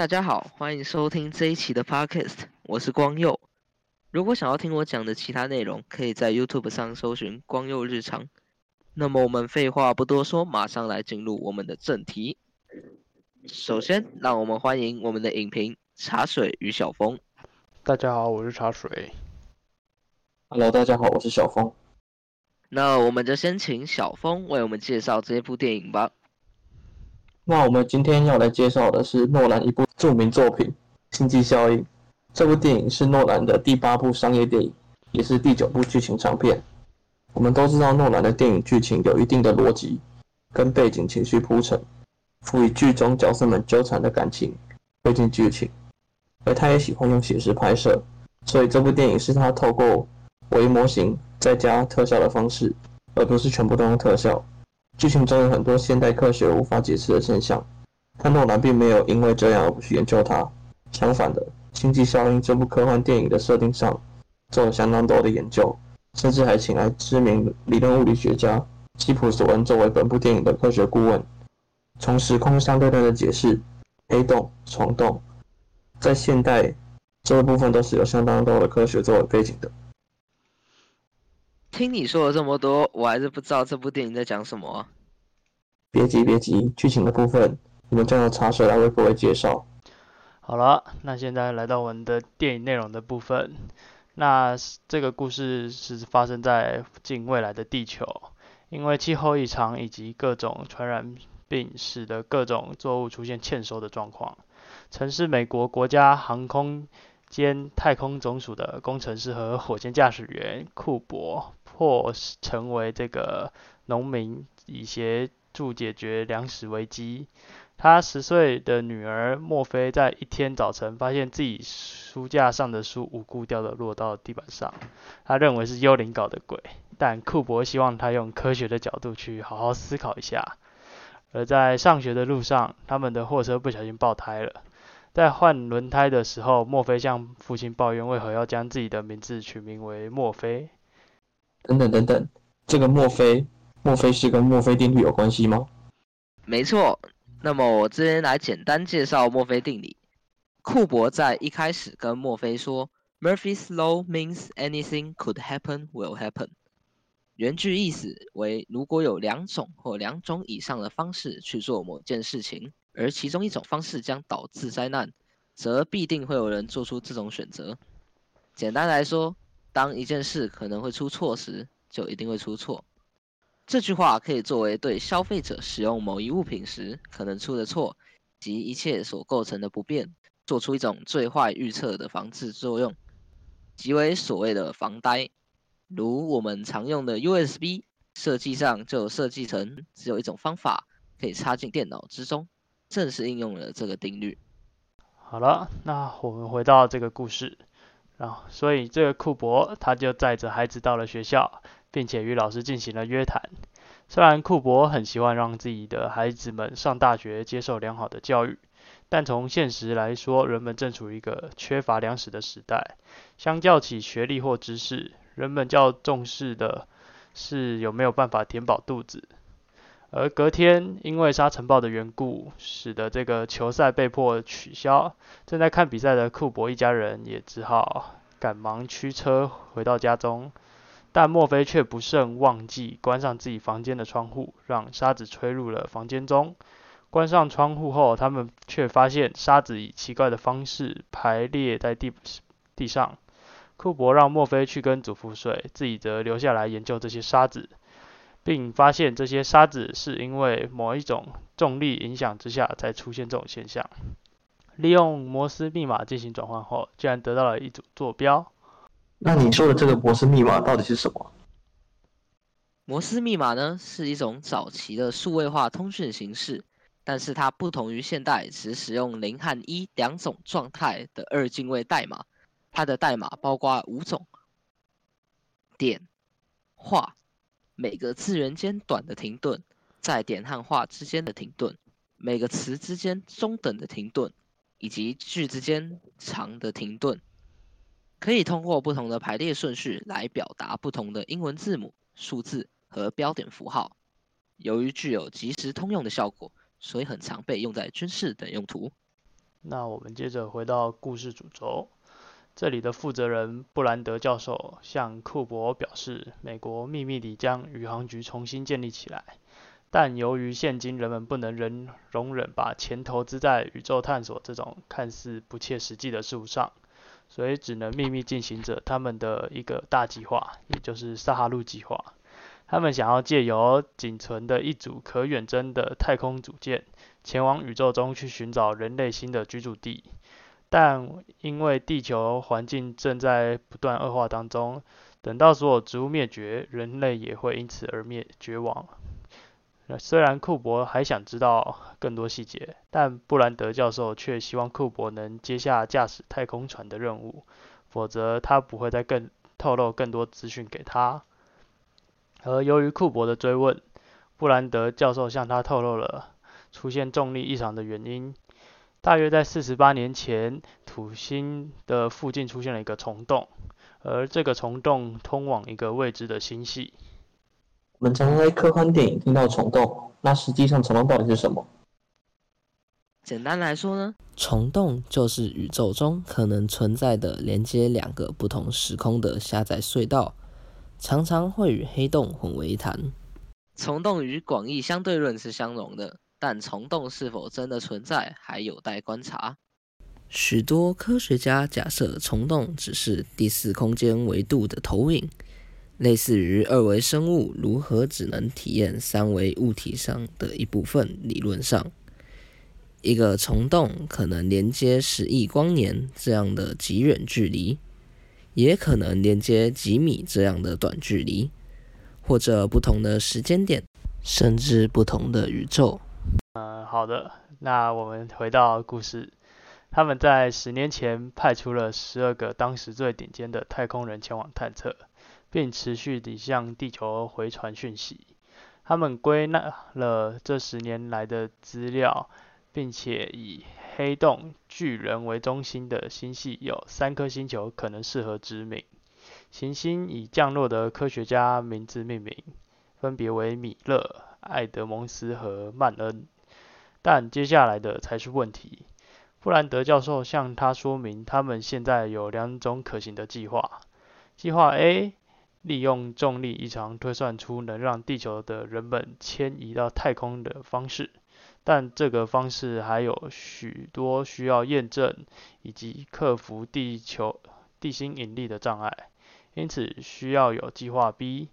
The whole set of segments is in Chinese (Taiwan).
大家好，歡迎收聽這一期的 podcast，我是光佑。如果想要聽我講的其他內容，可以在 YouTube 上搜尋“光佑日常”。那麼我們廢話不多說，馬上來進入我們的正題。首先，讓我們歡迎我們的影評茶水與小風。大家好，我是茶水。Hello，大家好，我是小風。那我們就先請小風為我們介紹這一部電影吧。那我們今天要來介紹的是諾蘭一部著名作品《星際效應》。這部電影是諾蘭的第八部商業電影，也是第九部劇情長片。我們都知道諾蘭的電影劇情有一定的邏輯，跟背景情緒鋪陳，賦予劇中角色們糾纏的感情，推進劇情。而他也喜歡用寫實拍攝，所以這部電影是他透過微模型再加特效的方式，而不是全部都用特效。劇情中有很多現代科學無法解釋的現象，但諾蘭並沒有因為這樣而不去研究它。相反的，《星際效應》這部科幻電影的設定上做了相當多的研究，甚至還請來知名理論物理學家基普·索恩作為本部電影的科學顧問。從時空相對論的解釋、黑洞、蟲洞，在現代這個部分都是有相當多的科學作為背景的。聽你說了這麼多，我還是不知道這部電影在講什麼啊？別急，別急，劇情的部分我們將由茶水來為各位介紹。好了，那現在來到我們的電影內容的部分。那這個故事是發生在近未來的地球，因為氣候異常以及各種傳染病，使得各種作物出現欠收的狀況。曾是美國國家航空兼太空總署的工程師和火箭駕駛員庫柏。或成為這個農民，以協助解決糧食危機。他十歲的女兒墨菲在一天早晨發現自己書架上的書無故掉的落到地板上，他認為是幽靈搞的鬼，但庫柏希望他用科學的角度去好好思考一下。而在上學的路上，他們的貨車不小心爆胎了，在換輪胎的時候，墨菲向父親抱怨為何要將自己的名字取名為墨菲。等等等等，這個墨菲，墨菲是跟墨菲定律有關係嗎？沒錯，那麼我這邊來簡單介紹墨菲定理。庫柏在一開始跟墨菲說：“Murphy's law means anything could happen will happen。”原句意思為：如果有兩種或兩種以上的方式去做某件事情，而其中一種方式將導致災難，則必定會有人做出這種選擇。簡單來說。當一件事可能會出錯時，就一定會出錯。這句話可以作為對消費者使用某一物品時可能出的錯及一切所構成的不便，做出一種最壞預測的防治作用，即為所謂的防呆。如我們常用的 USB，設計上就設計成只有一種方法可以插進電腦之中，正是應用了這個定律。好了，那我們回到這個故事。啊，所以這個庫柏他就載着孩子到了學校，並且與老師進行了約談。雖然庫柏很喜歡讓自己的孩子們上大學，接受良好的教育，但從現實來說，人們正處於一個缺乏糧食的時代。相較起學歷或知識，人們較重視的是有沒有辦法填飽肚子。而隔天，因為沙塵暴的緣故，使得這個球賽被迫取消。正在看比賽的庫柏一家人也只好趕忙驅車回到家中。但莫菲卻不慎忘記關上自己房間的窗戶，讓沙子吹入了房間中。關上窗戶後，他們卻發現沙子以奇怪的方式排列在地地上。庫柏讓莫菲去跟祖父睡，自己則留下來研究這些沙子。並發現這些沙子是因為某一種重力影響之下才出現這種現象。利用摩斯密碼進行轉換後，竟然得到了一組坐標。那你說的這個摩斯密碼到底是什麼？摩斯密碼呢，是一種早期的數位化通訊形式，但是它不同於現代只使用零和一兩種狀態的二進位代碼。它的代碼包括五種點、劃。每個字元間短的停頓，在點和畫之間的停頓，每個詞之間中等的停頓，以及句之間長的停頓，可以通過不同的排列順序來表達不同的英文字母、數字和標點符號。由於具有即時通用的效果，所以很常被用在軍事等用途。那我們接着回到故事主軸。這裡的負責人布蘭德教授向庫柏表示，美國秘密地將宇航局重新建立起來，但由於現今人們不能忍容忍把錢投資在宇宙探索這種看似不切實際的事物上，所以只能秘密進行着他們的一個大計劃，也就是撒哈路計劃。他們想要借由僅存的一組可遠征的太空組件，前往宇宙中去尋找人類新的居住地。但因為地球環境正在不斷惡化當中，等到所有植物滅絕，人類也會因此而滅絕亡。雖然庫柏還想知道更多細節，但布蘭德教授卻希望庫柏能接下駕駛太空船的任務，否則他不會再更透露更多資訊給他。而由於庫柏的追問，布蘭德教授向他透露了出現重力異常的原因。大約在四十八年前，土星的附近出現了一個蟲洞，而這個蟲洞通往一個未知的星系。我們常常在科幻電影聽到蟲洞，那實際上蟲洞到底是什麼？簡單來說呢，蟲洞就是宇宙中可能存在的連接兩個不同時空的狹窄隧道，常常會與黑洞混為一談。蟲洞與廣義相對論是相容的。但蟲洞是否真的存在，還有待觀察。許多科學家假設蟲洞只是第四空間維度的投影，類似於二維生物如何只能體驗三維物體上的一部分。理論上，一個蟲洞可能連接十億光年這樣的極遠距離，也可能連接幾米這樣的短距離，或者不同的時間點，甚至不同的宇宙。嗯，好的。那我們回到故事。他們在十年前派出了十二個當時最頂尖的太空人前往探測，並持續地向地球回傳訊息。他們歸納了這十年來的資料，並且以黑洞巨人為中心的星系有三顆星球可能適合殖民。行星以降落的科學家名字命名，分別為米勒、艾德蒙斯和曼恩。但接下來的才是問題。布蘭德教授向他說明，他們現在有兩種可行的計劃：計劃 A 利用重力異常推算出能讓地球的人們遷移到太空的方式，但這個方式還有許多需要驗證以及克服地球地心引力的障礙，因此需要有計劃 B。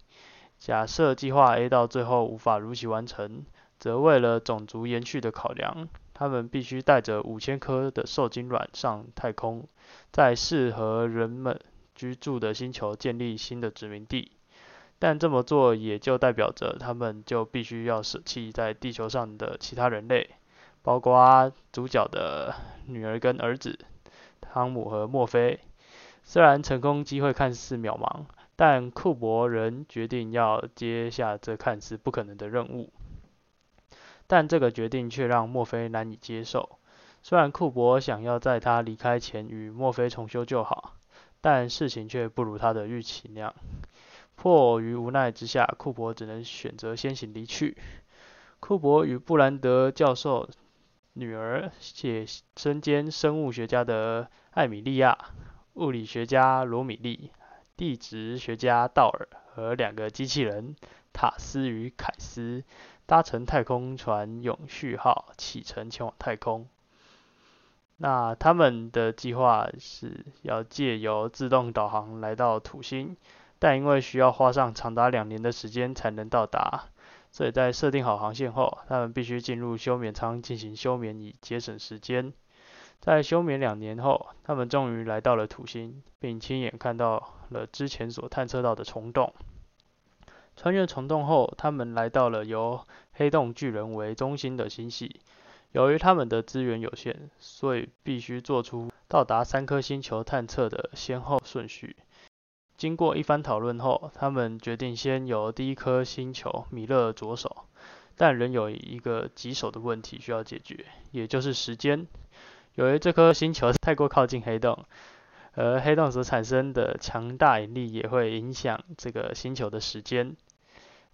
假設計劃 A 到最後無法如期完成。則為了種族延續的考量，他們必須帶着五千顆的受精卵上太空，在適合人們居住的星球建立新的殖民地。但這麼做也就代表着他們就必須要捨棄在地球上的其他人類，包括主角的女兒跟兒子湯姆和墨菲。雖然成功機會看似渺茫，但庫柏仍決定要接下這看似不可能的任務。但這個決定卻讓墨菲難以接受。雖然庫柏想要在他離開前與墨菲重修舊好，但事情卻不如他的預期那樣。迫於無奈之下，庫柏只能選擇先行離去。庫柏與布蘭德教授女兒且身兼生物學家的艾米莉亞、物理學家羅米利、地質學家道爾和兩個機器人塔斯與凱斯，搭乘太空船“永續號”啟程前往太空。那他們的計劃是要借由自動導航來到土星，但因為需要花上長達兩年的時間才能到達，所以在設定好航線後，他們必須進入休眠艙進行休眠以節省時間。在休眠兩年後，他們終於來到了土星，並親眼看到了之前所探測到的蟲洞。穿越蟲洞後，他們來到了由黑洞巨人為中心的星系。由於他們的資源有限，所以必須做出到達三顆星球探測的先後順序。經過一番討論後，他們決定先由第一顆星球米勒着手，但仍有一個棘手的問題需要解決，也就是時間。由於這顆星球太過靠近黑洞，而黑洞所產生的強大引力也會影響這個星球的時間。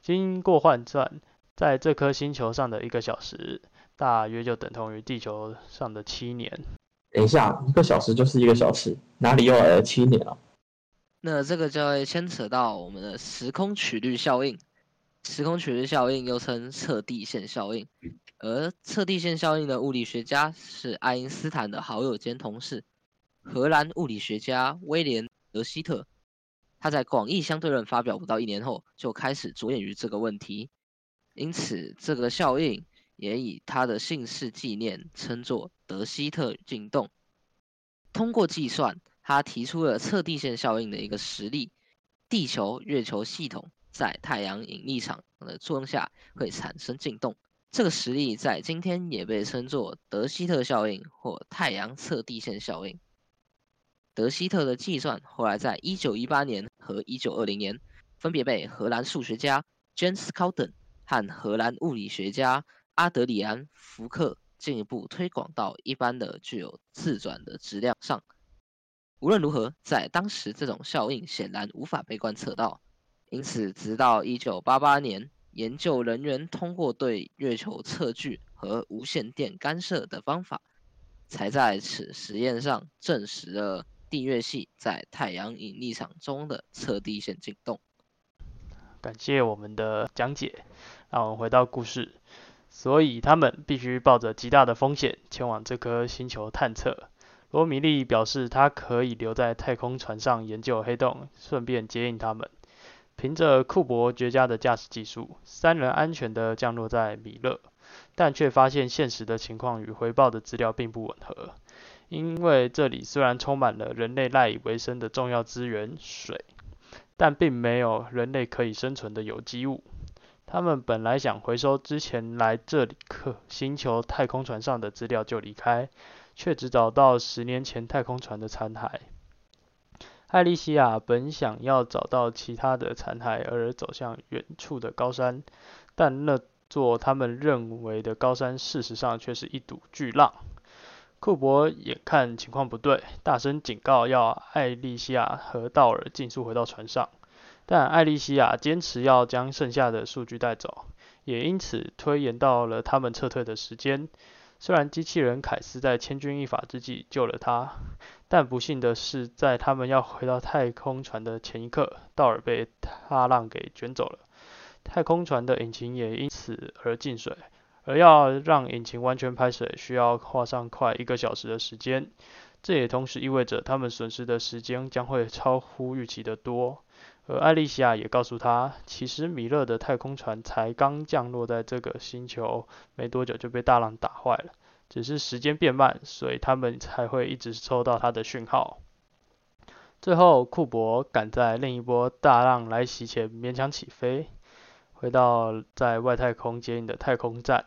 經過換算，在這顆星球上的一個小時，大約就等同於地球上的七年。等一下，一個小時就是一個小時，哪裡又來了七年了啊？那這個就會牽扯到我們的時空曲率效應。時空曲率效應又稱測地線效應，而測地線效應的物理學家是愛因斯坦的好友兼同事——荷蘭物理學家威廉·德西特。他在廣義相對論發表不到一年後就開始着眼於這個問題，因此這個效應也以他的姓氏紀念，稱作德西特進動。通過計算，他提出了測地線效應的一個實例：地球-月球系統在太陽引力場的作用下會產生進動。這個實例在今天也被稱作德西特效應或太陽測地線效應。德希特的計算後來在1918年和1920年，分別被荷蘭數學家 Jens Schouten 和荷蘭物理學家阿德里安·福克進一步推廣到一般的具有自轉的質量上。無論如何，在當時這種效應顯然無法被觀測到，因此直到1988年，研究人員通過對月球測距和無線電干涉的方法，才在此實驗上證實了。地月系在太陽引力場中的測地線進動。感謝我們的講解，讓我們回到故事。所以他們必須抱着極大的風險前往這顆星球探測。羅米利表示他可以留在太空船上研究黑洞，順便接應他們。憑着庫柏絕佳的駕駛技術，三人安全地降落在米勒，但卻發現現實的情況與回報的資料並不吻合。因為這裡雖然充滿了人類賴以為生的重要資源——水，但並沒有人類可以生存的有機物。他們本來想回收之前來這裡客星球太空船上的資料就離開，卻只找到十年前太空船的殘骸。艾莉西亞本想要找到其他的殘骸而走向遠處的高山，但那座他們認為的高山，事實上卻是一堵巨浪。庫柏眼看情況不對，大聲警告要艾麗西亞和道爾盡速回到船上，但艾麗西亞堅持要將剩下的數據帶走，也因此推延到了他們撤退的時間。雖然機器人凱斯在千鈞一髮之際救了他，但不幸的是，在他們要回到太空船的前一刻，道爾被大浪給捲走了，太空船的引擎也因此而進水。而要讓引擎完全排水，需要花上快一個小時的時間。這也同時意味着他們損失的時間將會超乎預期的多。而艾麗西亞也告訴他，其實米勒的太空船才剛降落在這個星球，沒多久就被大浪打壞了。只是時間變慢，所以他們才會一直收到他的訊號。最後，庫柏趕在另一波大浪來襲前勉強起飛。回到在外太空接應的太空站，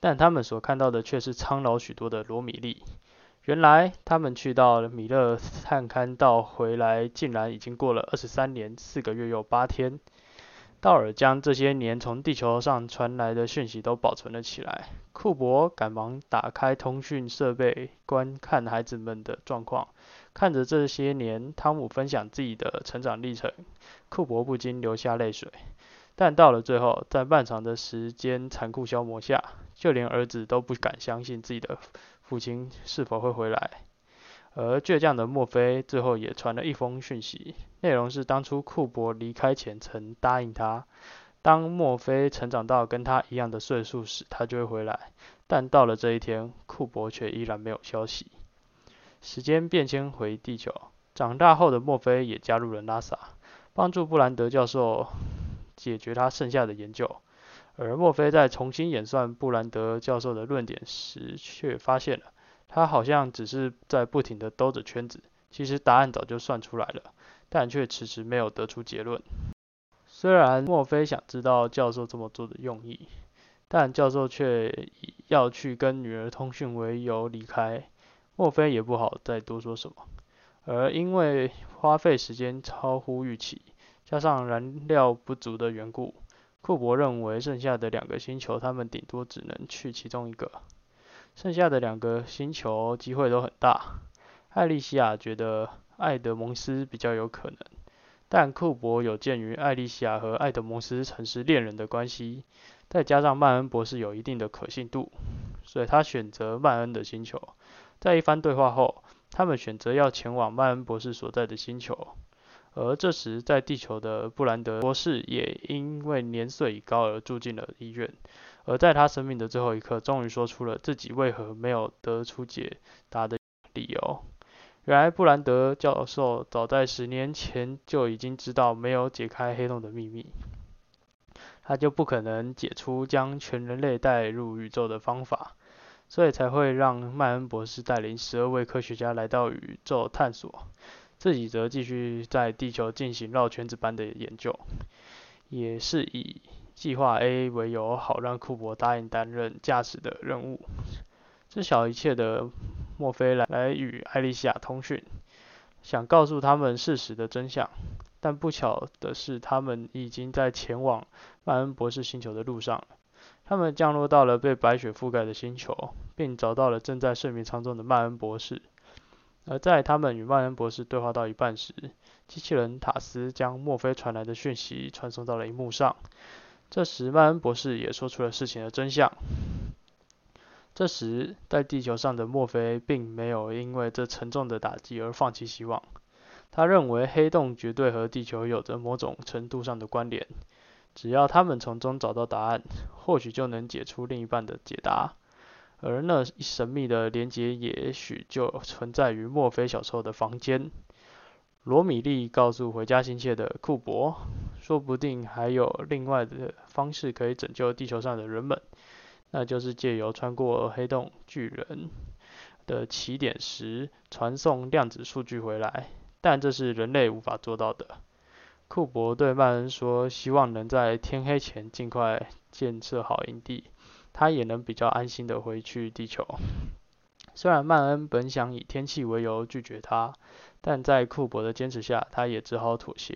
但他們所看到的卻是蒼老許多的羅米利。原來他們去到米勒探勘到回來，竟然已經過了二十三年四個月又八天。道爾將這些年從地球上傳來的訊息都保存了起來。庫柏趕忙打開通訊設備，觀看孩子們的狀況，看着這些年湯姆分享自己的成長歷程，庫柏不禁流下淚水。但到了最後，在漫長的時間殘酷消磨下，就連兒子都不敢相信自己的父親是否會回來。而倔強的墨菲最後也傳了一封訊息，內容是當初庫柏離開前曾答應他，當墨菲成長到跟他一樣的歲數時，他就會回來。但到了這一天，庫柏卻依然沒有消息。時間變遷回地球，長大後的墨菲也加入了 NASA，幫助布蘭德教授，解決他剩下的研究，而墨菲在重新演算布蘭德教授的論點時，卻發現了，他好像只是在不停的兜着圈子，其實答案早就算出來了，但卻遲遲沒有得出結論。雖然墨菲想知道教授這麼做的用意，但教授卻以要去跟女兒通訊為由離開，墨菲也不好再多說什麼，而因為花費時間超乎預期。加上燃料不足的緣故，庫柏認為剩下的兩個星球，他們頂多只能去其中一個。剩下的兩個星球機會都很大。艾利西亞覺得艾德蒙斯比較有可能，但庫柏有鑒於艾利西亞和艾德蒙斯曾是戀人的關係，再加上曼恩博士有一定的可信度，所以他選擇曼恩的星球。在一番對話後，他們選擇要前往曼恩博士所在的星球。而這時，在地球的布蘭德博士也因為年歲已高而住進了醫院，而在他生命的最後一刻，終於說出了自己為何沒有得出解答的理由。原來，布蘭德教授早在十年前就已經知道沒有解開黑洞的秘密，他就不可能解出將全人類帶入宇宙的方法，所以才會讓麥恩博士帶領十二位科學家來到宇宙探索。自己則繼續在地球進行繞圈子般的研究，也是以計劃 A 為由，好讓庫柏答應擔任駕駛的任務。知曉一切的墨菲來來與艾麗西亞通訊，想告訴他們事實的真相，但不巧的是，他們已經在前往曼恩博士星球的路上。他們降落到了被白雪覆蓋的星球，並找到了正在睡眠艙中的曼恩博士。而在他們與曼恩博士對話到一半時，機器人塔斯將墨菲傳來的訊息傳送到了螢幕上。這時，曼恩博士也說出了事情的真相。這時，在地球上的墨菲並沒有因為這沉重的打擊而放棄希望。他認為黑洞絕對和地球有着某種程度上的關聯，只要他們從中找到答案，或許就能解出另一半的解答。而那神秘的連接，也許就存在於墨菲小時候的房間。羅米利告訴回家心切的庫柏，說不定還有另外的方式可以拯救地球上的人們，那就是借由穿過黑洞巨人的起點時傳送量子數據回來。但這是人類無法做到的。庫柏對曼恩說，希望能在天黑前盡快建設好營地。他也能比較安心地回去地球。雖然曼恩本想以天氣為由拒絕他，但在庫柏的堅持下，他也只好妥協。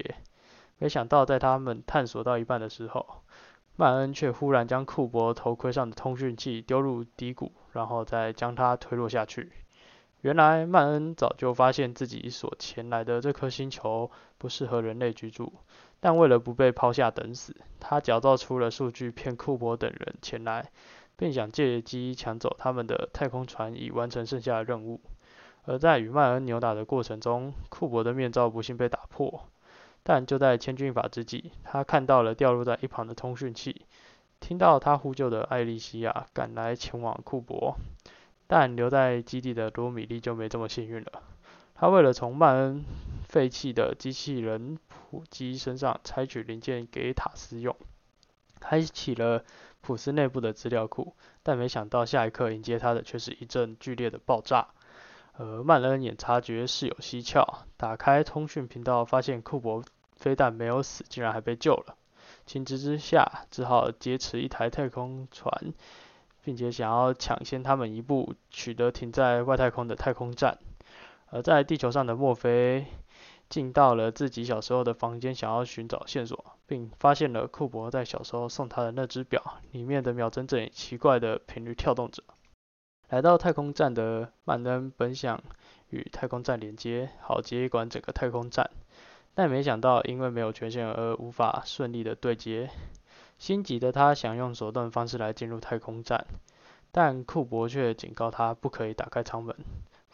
沒想到在他們探索到一半的時候，曼恩卻忽然將庫柏頭盔上的通訊器丟入低谷，然後再將他推落下去。原來曼恩早就發現自己所前來的這顆星球不適合人類居住。但為了不被拋下等死，他假造出了數據騙庫珀等人前來，並想借機搶走他們的太空船以完成剩下的任務。而在與邁恩扭打的過程中，庫珀的面罩不幸被打破，但就在千鈞一髮之際，他看到了掉落在一旁的通訊器，聽到他呼救的艾麗西亞趕來前往庫珀，但留在基地的羅米利就沒這麼幸運了。他為了從曼恩廢棄的機器人普基身上拆取零件給塔斯用，開啟了普斯內部的資料庫，但沒想到下一刻迎接他的卻是一陣劇烈的爆炸。而、呃、曼恩也察覺事有蹊蹺，打開通訊頻道發現庫柏非但沒有死，竟然還被救了。情急之,之下，只好劫持一台太空船，並且想要搶先他們一步，取得停在外太空的太空站。而在地球上的墨菲進到了自己小時候的房間，想要尋找線索，並發現了庫柏在小時候送他的那只錶，裡面的秒針正以奇怪的頻率跳動着。來到太空站的曼恩本想與太空站連接，好接管整個太空站，但沒想到因為沒有權限而無法順利的對接。心急的他想用手段方式來進入太空站，但庫柏卻警告他不可以打開艙門。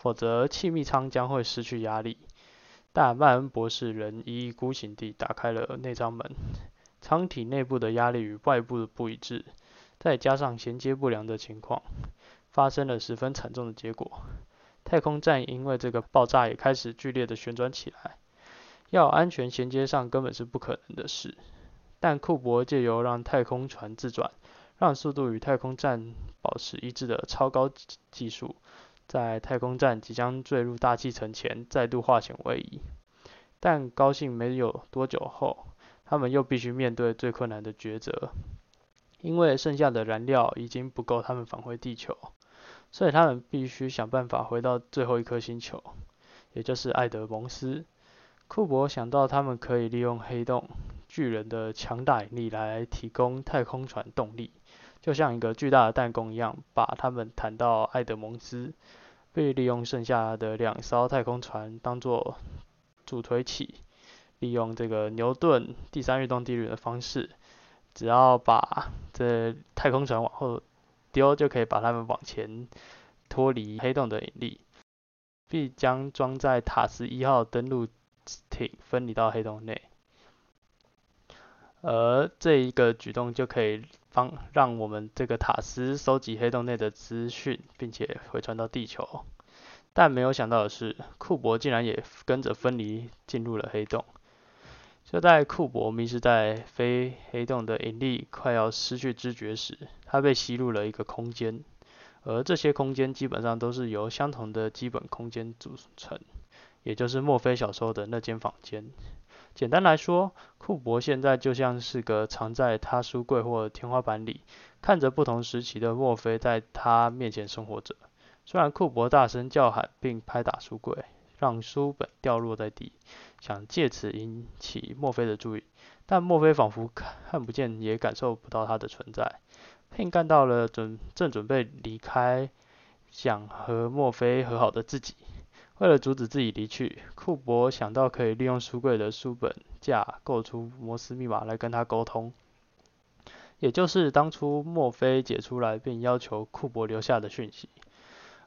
否則，氣密艙將會失去壓力。但曼恩博士仍一意孤行地打開了內艙門，艙體內部的壓力與外部的不一致，再加上銜接不良的情況，發生了十分慘重的結果。太空站因為這個爆炸也開始劇烈的旋轉起來，要安全銜接上根本是不可能的事。但庫柏借由讓太空船自轉，讓速度與太空站保持一致的超高技術。在太空站即將墜入大氣層前，再度化險為夷。但高興沒有多久後，他們又必須面對最困難的抉擇，因為剩下的燃料已經不夠他們返回地球，所以他們必須想辦法回到最後一顆星球，也就是愛德蒙斯。庫柏想到他們可以利用黑洞巨人的強大引力來提供太空船動力。就像一個巨大的彈弓一樣，把它們彈到艾德蒙茲。並利用剩下的兩艘太空船當做助推器，利用這個牛頓第三運動定律的方式，只要把這太空船往後丟，就可以把它們往前脫離黑洞的引力，並將裝在塔斯一號登陸艇分離到黑洞內。而這一個舉動就可以幫讓我們這個塔斯收集黑洞內的資訊，並且回傳到地球。但沒有想到的是，庫柏竟然也跟着分離進入了黑洞。就在庫柏迷失在非黑洞的引力，快要失去知覺時，他被吸入了一個空間，而這些空間基本上都是由相同的基本空間組成，也就是墨菲小時候的那間房間。簡單來說，庫柏現在就像是個藏在他書櫃或天花板裡，看着不同時期的墨菲在他面前生活着。雖然庫柏大聲叫喊並拍打書櫃，讓書本掉落在地，想借此引起墨菲的注意，但墨菲仿佛看不見也感受不到他的存在。並看到了準正準備離開，想和墨菲和好的自己。為了阻止自己離去，庫柏想到可以利用書櫃的書本架構出摩斯密碼來跟他溝通，也就是當初墨菲解出來並要求庫柏留下的訊息。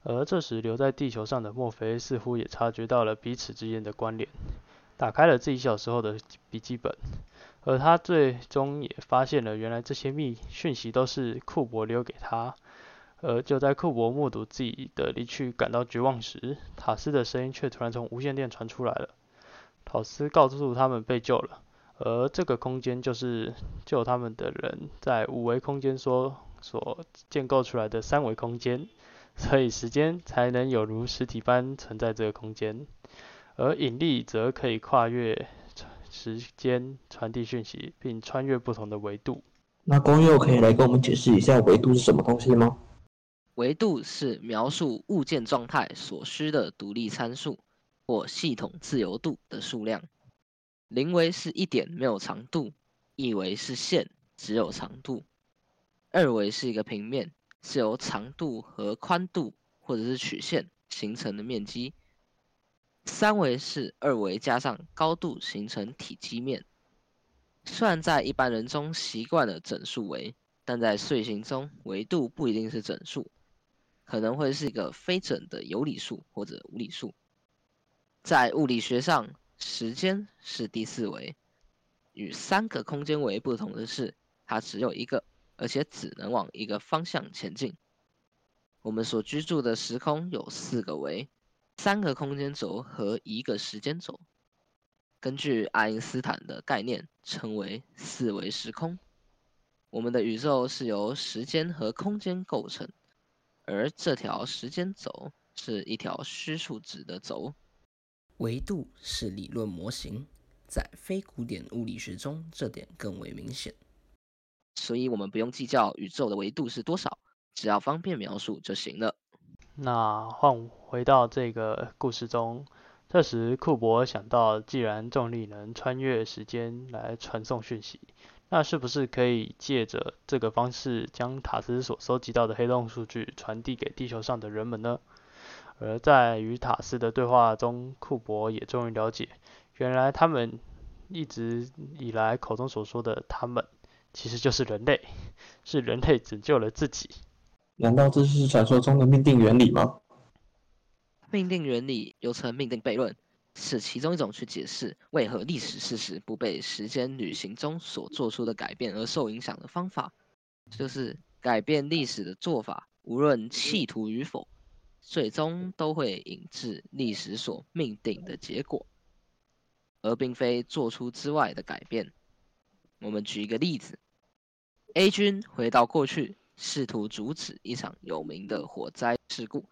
而這時留在地球上的墨菲似乎也察覺到了彼此之間的關聯，打開了自己小時候的筆記本，而他最終也發現了原來這些密訊息都是庫柏留給他。而就在庫珀目睹自己的離去感到絕望時，塔斯的聲音卻突然從無線電傳出來了。塔斯告訴他們被救了，而這個空間就是救他們的人在五維空間所所建構出來的三維空間，所以時間才能有如實體般存在這個空間，而引力則可以跨越時間傳遞訊息，並穿越不同的維度。那公佑可以來跟我們解釋一下維度是什麼東西嗎？維度是描述物件狀態所需的獨立參數或系統自由度的數量。零維是一點，沒有長度；一維是線，只有長度；二維是一個平面，是由長度和寬度或者是曲線形成的面積；三維是二維加上高度，形成體積面。雖然在一般人中習慣了整數維，但在碎形中，維度不一定是整數。可能會是一個非整的有理數或者無理數。在物理學上，時間是第四維，與三個空間維不同的是，它只有一個，而且只能往一個方向前進。我們所居住的時空有四個維，三個空間軸和一個時間軸。根據愛因斯坦的概念，稱為四維時空。我們的宇宙是由時間和空間構成。而這條時間軸是一條虛數值的軸，維度是理論模型，在非古典物理學中這點更為明顯。所以，我們不用計較宇宙的維度是多少，只要方便描述就行了。那換回到這個故事中，這時庫柏想到，既然重力能穿越時間來傳送訊息。那是不是可以借着這個方式，將塔斯所收集到的黑洞數據傳遞給地球上的人們呢？而在與塔斯的對話中，庫柏也終於了解，原來他們一直以來口中所說的“他們”，其實就是人類，是人類拯救了自己。難道這是傳說中的命定原理嗎？命定原理又稱命定悖論。是其中一種去解釋為何歷史事實不被時間旅行中所做出的改變而受影響的方法，就是改變歷史的做法，無論企圖與否，最終都會引致歷史所命定的結果，而並非做出之外的改變。我們舉一個例子：A 君回到過去，試圖阻止一場有名的火災事故，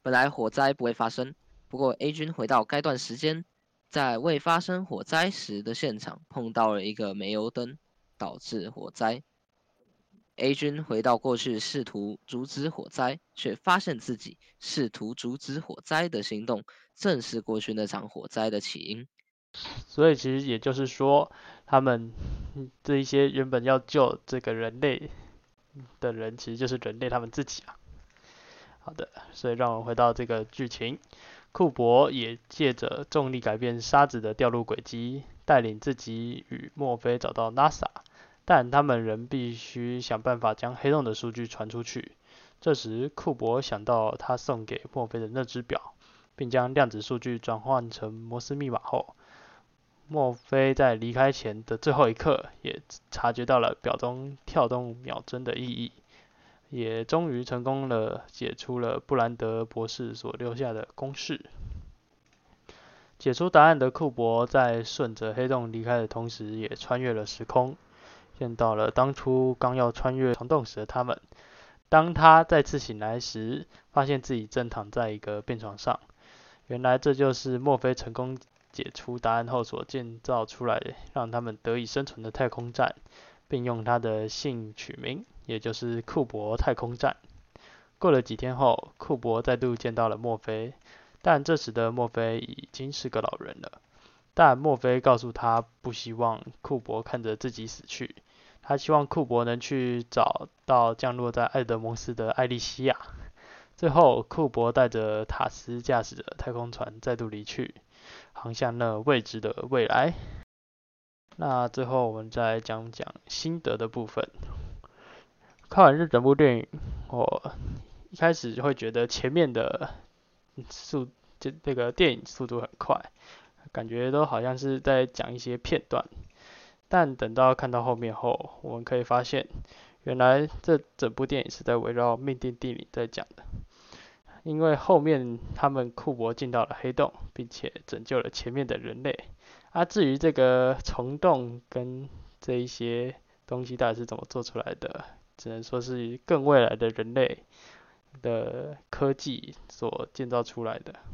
本來火災不會發生。不過，A 君回到該段時間，在未發生火災時的現場碰到了一個煤油燈，導致火災。A 君回到過去試圖阻止火災，卻發現自己試圖阻止火災的行動，正是過去那場火災的起因。所以，其實也就是說，他們這一些原本要救這個人類的人，其實就是人類他們自己啊。好的，所以讓我們回到這個劇情。庫珀也借着重力改變沙子的掉落軌跡，帶領自己與墨菲找到 NASA，但他們仍必須想辦法將黑洞的數據傳出去。這時，庫柏想到他送給墨菲的那只表，並將量子數據轉換成摩斯密碼後，墨菲在離開前的最後一刻也察覺到了表中跳動秒針的意義。也終於成功了解出了布蘭德博士所留下的公式。解出答案的庫柏在順着黑洞離開的同時，也穿越了時空，見到了當初剛要穿越蟲洞時的他們。當他再次醒來時，發現自己正躺在一個病床上。原來這就是墨菲成功解出答案後所建造出來，讓他們得以生存的太空站，並用他的姓取名。也就是庫柏太空站。過了幾天後，庫柏再度見到了墨菲，但這時的墨菲已經是個老人了。但墨菲告訴他，不希望庫柏看着自己死去，他希望庫柏能去找到降落在愛德蒙斯的艾利西亞。最後，庫柏帶着塔斯駕駛着太空船再度離去，航向那未知的未來。那最後，我們再講講心得的部分。看完這整部電影，我一開始就會覺得前面的速這這個電影速度很快，感覺都好像是在講一些片段。但等到看到後面後，我們可以發現，原來這整部電影是在圍繞“命定定理”在講的。因為後面他們庫柏進到了黑洞，並且拯救了前面的人類。啊，至於這個蟲洞跟這一些東西到底是怎麼做出來的？只能說是更未來的人類的科技所建造出來的。